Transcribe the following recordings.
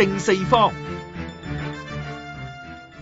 正四方。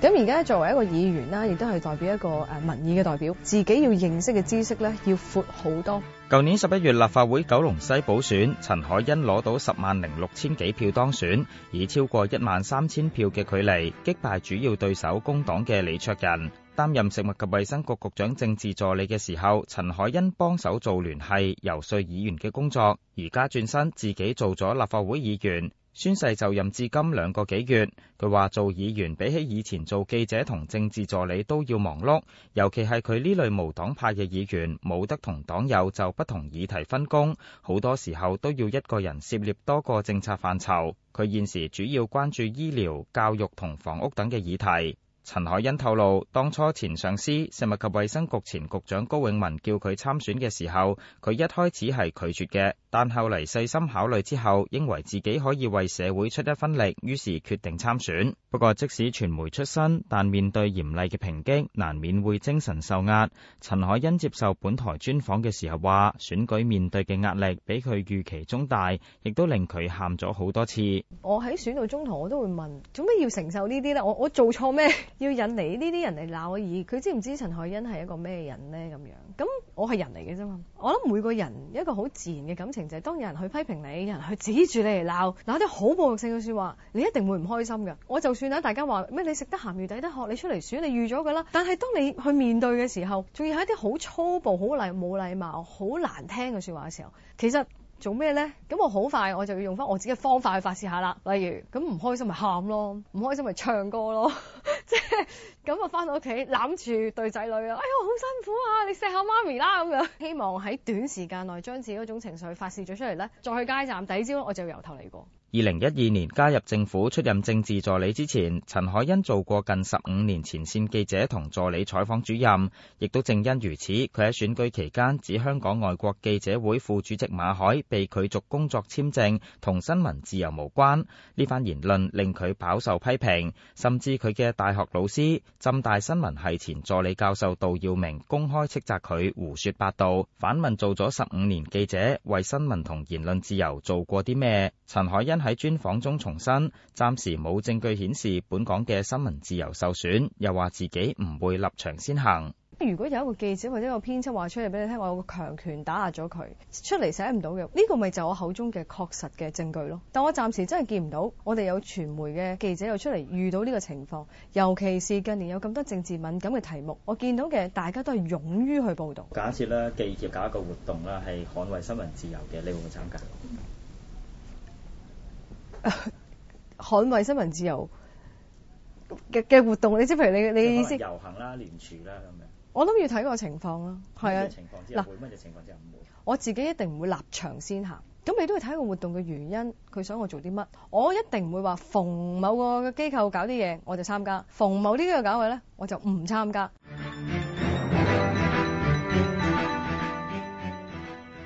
咁而家作為一個議員啦，亦都係代表一個誒民意嘅代表，自己要認識嘅知識咧，要闊好多。舊年十一月立法會九龍西補選，陳凱欣攞到十萬零六千幾票當選，以超過一萬三千票嘅距離擊敗主要對手工黨嘅李卓人。擔任食物及衛生局局長政治助理嘅時候，陳凱欣幫手做聯繫、遊說議員嘅工作。而家轉身自己做咗立法會議員。宣誓就任至今兩個幾月，佢話做議員比起以前做記者同政治助理都要忙碌，尤其係佢呢類無黨派嘅議員，冇得同黨友就不同議題分工，好多時候都要一個人涉獵多個政策範疇。佢現時主要關注醫療、教育同房屋等嘅議題。陳凱欣透露，當初前上司食物及衛生局前局，局長高永文叫佢參選嘅時候，佢一開始係拒絕嘅。但後嚟細心考慮之後，認為自己可以為社會出一分力，於是決定參選。不過即使傳媒出身，但面對嚴厲嘅抨擊，難免會精神受壓。陳凱欣接受本台專訪嘅時候話，選舉面對嘅壓力比佢預期中大，亦都令佢喊咗好多次。我喺選到中途，我都會問，做咩要承受呢啲呢？我我做錯咩？ 要引嚟呢啲人嚟鬧？而佢知唔知陳凱欣係一個咩人呢？咁樣咁我係人嚟嘅啫嘛。我諗每個人一個好自然嘅感情。就係當有人去批評你，有人去指住你嚟鬧，嗱啲好暴虐性嘅說話，你一定會唔開心嘅。我就算咧，大家話咩，你食得鹹魚抵得渴，你出嚟選，你預咗噶啦。但係當你去面對嘅時候，仲要係一啲好粗暴、好禮冇禮貌、好難聽嘅說話嘅時候，其實。做咩呢？咁我好快我就要用翻我自己嘅方法去發泄下啦。例如咁唔開心咪喊咯，唔開心咪唱歌咯。即係咁我翻到屋企攬住對仔女啊，哎呀好辛苦啊，你錫下媽咪啦咁樣。 希望喺短時間內將自己嗰種情緒發泄咗出嚟呢。再去街站第二朝，我就由頭嚟過。二零一二年加入政府出任政治助理之前，陳凱欣做過近十五年前線記者同助理採訪主任，亦都正因如此，佢喺選舉期間指香港外國記者會副主席馬凱被拒絕工作簽證同新聞自由無關，呢番言論令佢飽受批評，甚至佢嘅大學老師浸大新聞系前助理教授杜耀明公開斥責佢胡說八道，反問做咗十五年記者為新聞同言論自由做過啲咩？陳凱欣。喺專訪中重申，暫時冇證據顯示本港嘅新聞自由受損，又話自己唔會立場先行。如果有一個記者或者一個編輯話出嚟俾你聽，我有個強權打壓咗佢出嚟寫唔到嘅，呢個咪就我口中嘅確實嘅證據咯？但我暫時真係見唔到，我哋有傳媒嘅記者又出嚟遇到呢個情況，尤其是近年有咁多政治敏感嘅題目，我見到嘅大家都係勇於去報道。假設呢，記者搞一個活動啦，係捍衛新聞自由嘅，你會唔會參加？嗯 捍衛新聞自由嘅嘅活動，你知譬如你你意思遊行啦、連署啦咁樣，我諗要睇個情況啦。係啊，嗱，會乜嘢情況之下唔會。我自己一定唔會立場先行。咁你都要睇個活動嘅原因，佢想我做啲乜，我一定唔會話逢某個機構搞啲嘢我就參加，逢某啲機構搞嘅咧我就唔參加。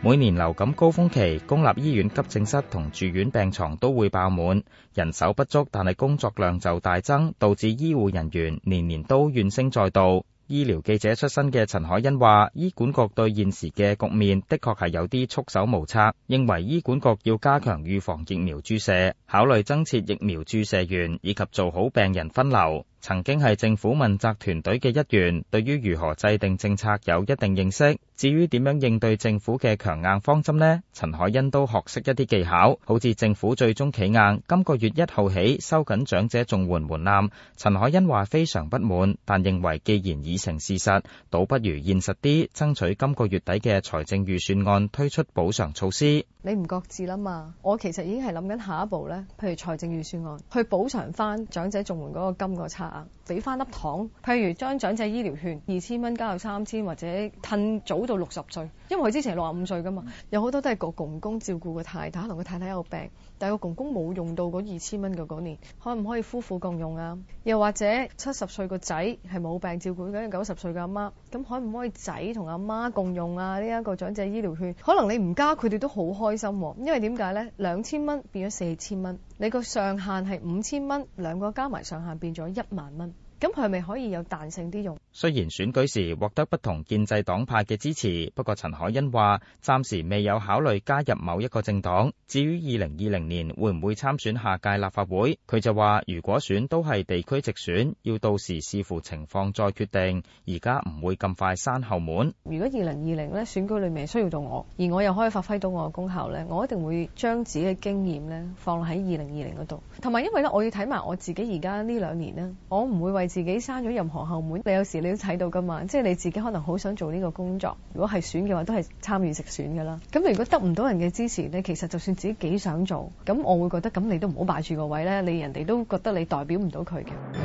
每年流感高峰期，公立醫院急症室同住院病床都會爆滿，人手不足，但係工作量就大增，導致醫護人員年年都怨聲載道。醫療記者出身嘅陳凱欣話，醫管局對現時嘅局面的確係有啲束手無策，認為醫管局要加強預防疫苗注射，考慮增設疫苗注射員，以及做好病人分流。曾經係政府問責團隊嘅一員，對於如何制定政策有一定認識。至於點樣應對政府嘅強硬方針呢？陳凱欣都學識一啲技巧，好似政府最終企硬，今個月一號起收緊長者綜緩門檻。陳凱欣話非常不滿，但認為既然已成事實，倒不如現實啲，爭取今個月底嘅財政預算案推出補償措施。你唔擱置啦嘛？我其實已經係諗緊下一步呢，譬如財政預算案，去補償翻長者綜援嗰個金個差額，俾翻粒糖。譬如將長者醫療券二千蚊加到三千，或者褪早到六十歲，因為佢之前六十五歲噶嘛。有好多都係個公公照顧個太太，同個太太有病，但係個公公冇用到嗰二千蚊嘅嗰年，可唔可以夫婦共用啊？又或者七十歲個仔係冇病照顧緊九十歲嘅阿媽，咁可唔可以仔同阿媽共用啊？呢、這、一個長者醫療券，可能你唔加，佢哋都好開開心喎，因為點解咧？兩千蚊變咗四千蚊，你個上限係五千蚊，兩個加埋上限變咗一萬蚊。咁係咪可以有彈性啲用？雖然選舉時獲得不同建制黨派嘅支持，不過陳凱欣話暫時未有考慮加入某一個政黨。至於2020年會唔會參選下屆立法會，佢就話如果選都係地區直選，要到時視乎情況再決定。而家唔會咁快閂後門。如果2020呢選舉裏面需要到我，而我又可以發揮到我嘅功效呢，我一定會將自己嘅經驗呢放喺2020嗰度。同埋因為咧，我要睇埋我自己而家呢兩年呢，我唔會為自己閂咗任何後門，你有時你都睇到噶嘛？即係你自己可能好想做呢個工作，如果係選嘅話，都係參與直選噶啦。咁如果得唔到人嘅支持咧，你其實就算自己幾想做，咁我會覺得咁你都唔好擺住個位咧，你人哋都覺得你代表唔到佢嘅。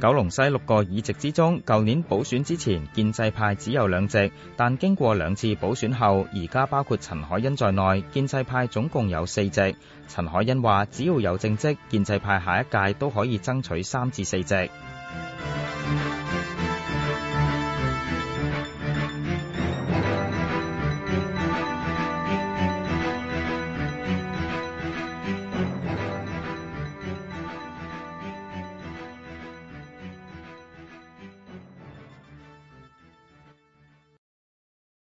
九龍西六個議席之中，舊年補選之前建制派只有兩席，但經過兩次補選後，而家包括陳凱欣在內，建制派總共有四席。陳凱欣話：只要有政績，建制派下一屆都可以爭取三至四席。